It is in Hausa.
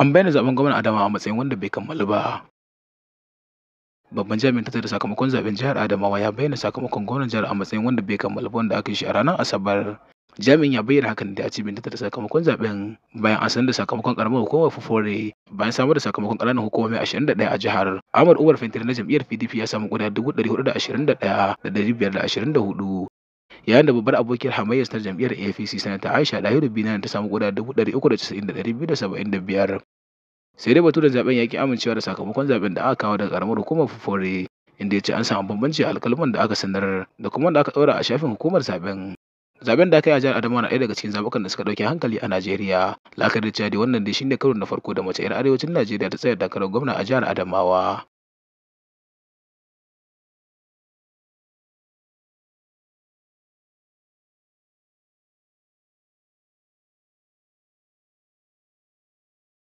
An bayyana zaɓen gwamnan Adamawa a matsayin wanda bai kammalu ba. Babban jami'in tattara sakamakon zaben jihar Adamawa ya bayyana sakamakon gwamnan jihar a matsayin wanda bai kammalu ba wanda aka yi shi a ranar Asabar. Jami'in ya bayyana hakan da a cibin tattara sakamakon zaben" bayan an sanar da sakamakon karamar hukumar Fufore bayan samar da sakamakon ƙananan hukumomi 21 a jihar. amur Umar Fentir na jam'iyyar PDP ya samu guda hudu yayin da babbar abokiyar hamayyar ta jam'iyyar afc sanata Aisha Dahiru Binan ta samu guda biyar sai dai batu da zaben ya ki amincewa da sakamakon zaben da aka kawo daga karamar hukumar fufore inda ya ce an samu bambanci a alkalman da aka sanar da kuma da aka ɗora a shafin hukumar zaben zaben da aka yi a jihar adamawa na ɗaya daga cikin zabukan da suka ɗauki hankali a najeriya la'akari da cewa wannan dai shine karo na farko da mace 'yar arewacin najeriya ta tsaya takarar gwamna a jihar adamawa